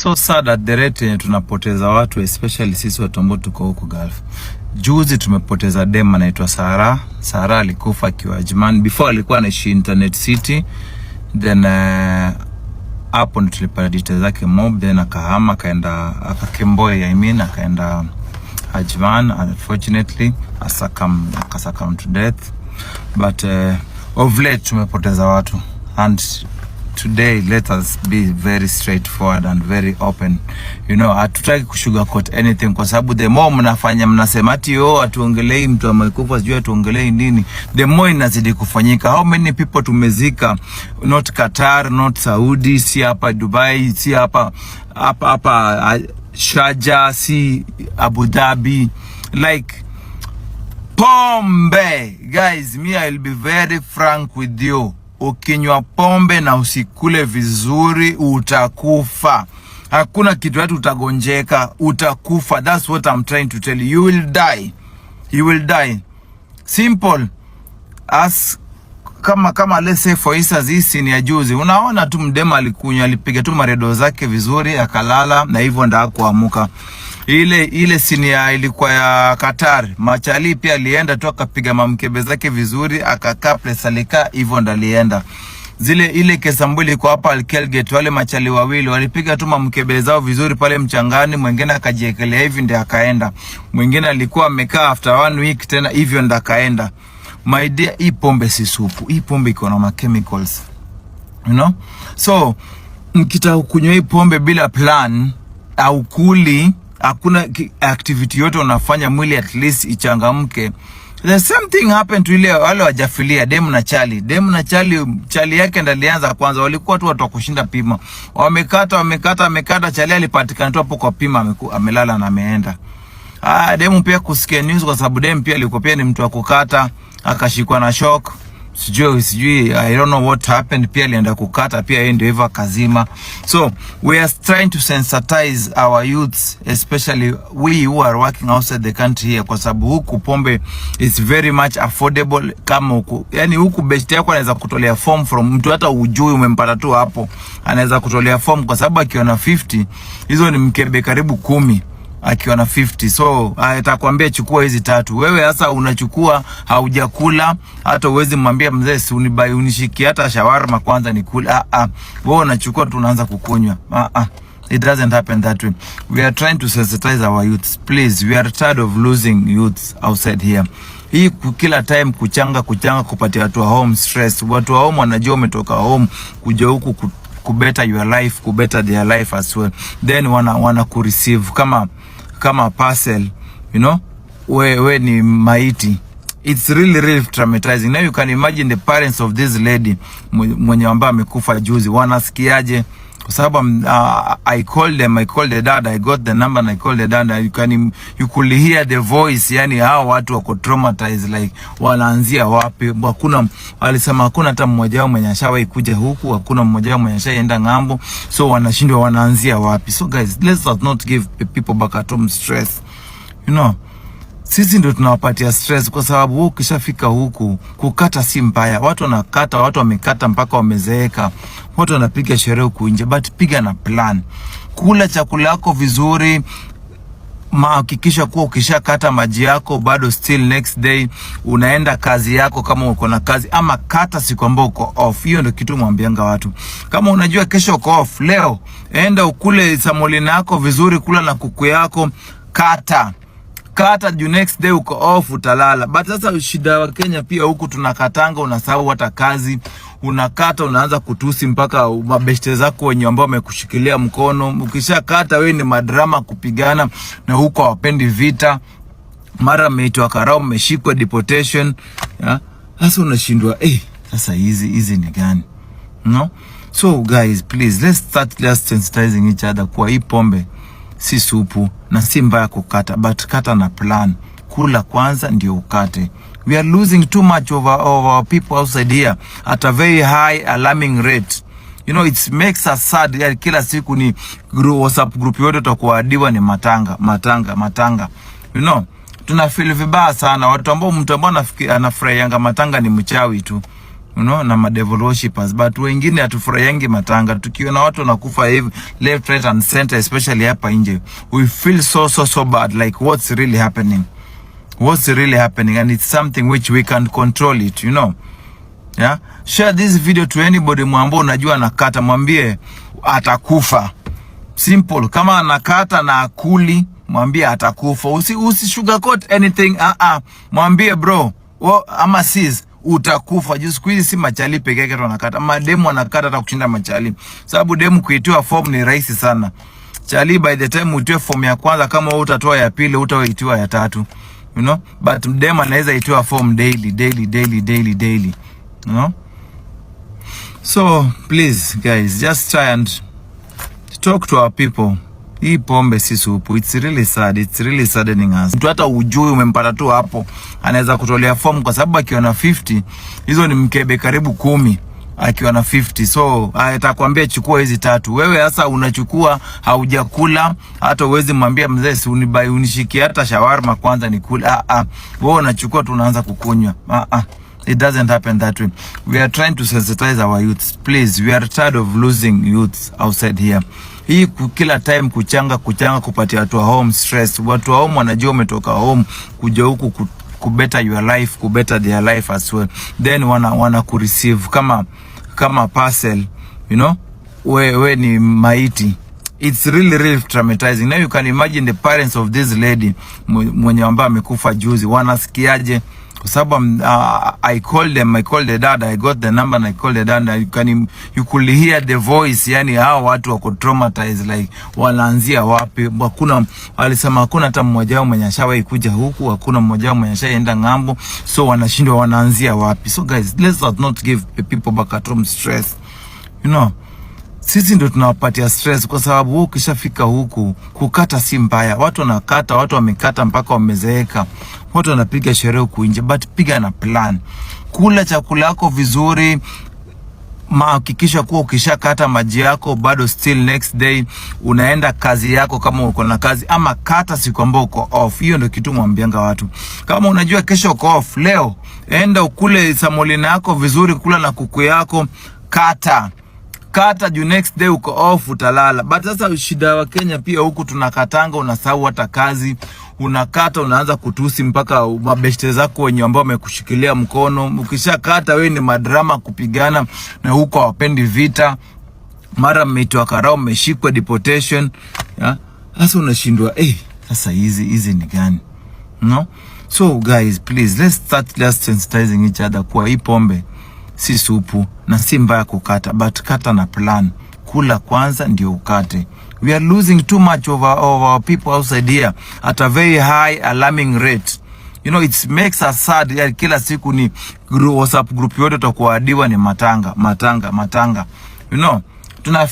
so sad at the rate yenye tunapoteza watu especially sisi watu ambao tuko huko Gulf. Juzi tumepoteza dem anaitwa Sara. Sara alikufa akiwa Ajman. Before alikuwa anaishi Internet City. Then uh, hapo uh, ndo tulipata details zake mob, then akahama akaenda akakemboi, I mean akaenda Ajman, unfortunately asakam akasakam to death but uh, of late tumepoteza watu and today let us be very straightforward and very open you know, hatutaki kusugarcoat anything kwa sababu the more mnafanya mnasema ati oh, atuongelei mtu amekufa sijui atuongelei nini, the more inazidi kufanyika. How many people tumezika, not Qatar, not Saudi, si hapa Dubai, si hapa hapa hapa ah, shaja si Abu Dhabi like pombe. Guys, me I'll be very frank with you ukinywa pombe na usikule vizuri utakufa. Hakuna kitu hatu utagonjeka, utakufa. That's what I'm trying to tell you. You will die, you will die, simple as kama kama let's say for instance, hii sini ya juzi, unaona tu mdema alikunywa, alipiga tu maredo zake vizuri, akalala na hivyo ndio kuamuka ile ile sini ya ilikuwa ya Qatar, Machali pia alienda tu akapiga mamkebe zake vizuri, akakaa plesalika hivyo ndo alienda zile ile kesa mbili kwa hapa Alkelgate, wale machali wawili walipiga tu mamkebe zao vizuri pale mchangani, mwingine akajiekelea hivi ndio akaenda, mwingine alikuwa amekaa after one week tena hivyo ndio akaenda. My dear, hii pombe si supu, hii pombe iko na ma chemicals you know, so mkitaka kunywa hii pombe bila plan au kuli hakuna activity yote unafanya mwili at least ichangamke. The same thing happened to ile wale wajafilia Demu na Chali. Demu na Chali, Chali yake ndo alianza kwanza, walikuwa tu watu wa kushinda pima, wamekata wamekata wamekata. Chali alipatikana tu hapo kwa pima, amelala na ameenda. Ah, Demu pia kusikia news, kwa sababu Demu pia alikuwa pia ni mtu wa kukata, akashikwa na shock sijui sijui, I don't know what happened. Pia alienda kukata pia yeye ndio hivyo akazima. So we are trying to sensitize our youths especially we who are working outside the country here, kwa sababu huku pombe is very much affordable kama huku, yani huku best yako anaweza kutolea form from mtu hata ujui, umempata tu hapo, anaweza kutolea form kwa sababu akiona 50 hizo ni mkebe karibu kumi akiwa na 50. So atakwambia ah, chukua hizi tatu. Wewe sasa unachukua, haujakula hata, uwezi mwambia mzee, si unibai unishiki hata shawarma kwanza ni kula. Ah ah, wewe unachukua, tu unaanza kukunywa. Ah ah, it doesn't happen that way. We are trying to sensitize our youths, please. We are tired of losing youths outside here. Hii kila time kuchanga kuchanga, kupatia watu wa home stress. Watu wa home wanajua umetoka home kuja huku kubeta your life, kubeta their life as well, then wana wana kureceive kama kama parcel, you know, we, we ni maiti. It's really, really traumatizing. Now you can imagine the parents of this lady mwenye ambaye amekufa juzi wanasikiaje? kwa sababu um, uh, I called them, I called the dad, I got the number and I called the dad. You can you could hear the voice, yani hao watu wako traumatized, like wanaanzia wapi? Hakuna, alisema hakuna hata mmoja wao mwenye ashawahi kuja huku, hakuna mmoja wao mwenye ashaenda ng'ambo, so wanashindwa wanaanzia wapi. So guys, let's not give people back at home stress, you know sisi ndio tunawapatia stress, kwa sababu wewe ukishafika huku kukata si mbaya. Watu wanakata, watu wamekata mpaka wamezeeka, watu wanapiga sherehe huku nje, but piga na plan, kula chakula yako vizuri mahakikisha kuwa ukishakata maji yako bado still next day unaenda kazi yako, kama uko na kazi, ama kata siku ambayo uko off. Hiyo ndio kitu mwambianga watu, kama unajua kesho uko off, leo enda ukule samolina yako vizuri, kula na kuku yako, kata ukikata the next day uko off utalala. But sasa shida wa Kenya pia huku tunakatanga, unasahau hata kazi, unakata unaanza kutusi mpaka mabeshte zako wenye ambao wamekushikilia mkono. Ukishakata wewe ni madrama kupigana, na huko hawapendi vita, mara mmeitwa karao, mmeshikwa deportation. Sasa unashindwa eh, sasa hizi hizi ni gani? No, so guys please let's start just sensitizing each other kwa hii pombe si supu na si mbaya kukata, but kata na plan. Kula kwanza ndio ukate. We are losing too much of our, of our people outside here at a very high alarming rate. You know, it makes us sad. Ya, kila siku ni WhatsApp group yote tutakuadiwa ni matanga matanga matanga, you know, tuna feel vibaya sana watu ambao mtu ambao anafurahianga matanga ni mchawi tu no, na madevil worshippers but wengine hatufurahiangi matanga. Tukiona watu wanakufa hivi left right and center, especially hapa nje, we feel so so so bad like what's really happening, what's really happening and it's something which we can't control it you know yeah. Share this video to anybody mwambo unajua anakata, mwambie atakufa simple. Kama anakata na akuli, mwambie atakufa. Usi usi sugarcoat anything uh -uh. Mwambie bro, oh, ama sis utakufa juu siku hizi si machali peke yake wanakata, mademu wanakata hata kushinda machali, sababu demu kuitiwa form ni rahisi sana. Chali by the time utiwe form ya kwanza, kama utatoa ya pili, utaitiwa ya tatu, you know, but demu anaweza itiwa form daily daily daily daily daily, you know. So please guys, just try and talk to our people. Hii pombe si supu. It's really sad. It's really saddening us. Mtu hata ujui umempata tu hapo, anaweza kutolea form kwa sababu akiwa na 50 hizo ni mkebe karibu kumi akiwa na 50 so ah, atakwambia chukua hizi tatu. Wewe sasa unachukua, haujakula hata, uwezi mwambia mzee, si unibai unishikie hata shawarma kwanza nikule. Ah ah, wewe unachukua tu unaanza kukunywa. Ah ah, it doesn't happen that way. We are trying to sensitize our youths. Please, we are tired of losing youths outside here hii kila time kuchanga kuchanga, kupatia watu wa home stress. Watu wa home wanajua umetoka home kuja huku ku, better your life ku better their life as well, then wana wana ku receive kama kama parcel you know, we we ni maiti It's really, really traumatizing. Now you can imagine the parents of this lady mwenye ambaye amekufa juzi wanasikiaje? kwa sababu um, uh, I called them, I called the dad, I got the number and I called the dad. You can you could hear the voice, yani hao watu wako traumatized like wanaanzia wapi? Hakuna, alisema hakuna hata mmoja wao mwenye ashawahi kuja huku, hakuna mmoja wao mwenye ashaenda ng'ambo, so wanashindwa wanaanzia wapi? So guys, let's not give people back at home stress, you know sisi ndo tunawapatia stress, kwa sababu wewe ukishafika huku kukata si mbaya. Watu wanakata, watu wamekata mpaka wamezeeka, watu wanapiga sherehe huku nje, but piga na plan, kula chakula yako vizuri mahakikisha kuwa ukishakata maji yako bado still next day unaenda kazi yako, kama uko na kazi, ama kata siku ambayo uko off. Hiyo ndio kitu mwambianga watu, kama unajua kesho uko off, leo enda ukule samolina yako vizuri, kula na kuku yako, kata kata juu next day uko off utalala. But sasa shida wa Kenya pia huku tunakatanga, unasahau hata kazi unakata, unaanza kutusi mpaka mabeshte zako wenye ambao wamekushikilia mkono. Ukishakata wewe ni madrama kupigana na huko, hawapendi vita, mara mmeitwa karao, mmeshikwa deportation ya sasa unashindwa eh, sasa hizi hizi ni gani no? So guys please let's start just sensitizing each other kwa hii pombe si supu na si mbaya kukata, but kata na plan. Kula kwanza ndio ukate. We are losing too much of our, of our people outside here at a very high alarming rate. You know, it makes us sad. Ya, kila siku ni WhatsApp group yote utakuadiwa ni matanga matanga matanga, you know, tuna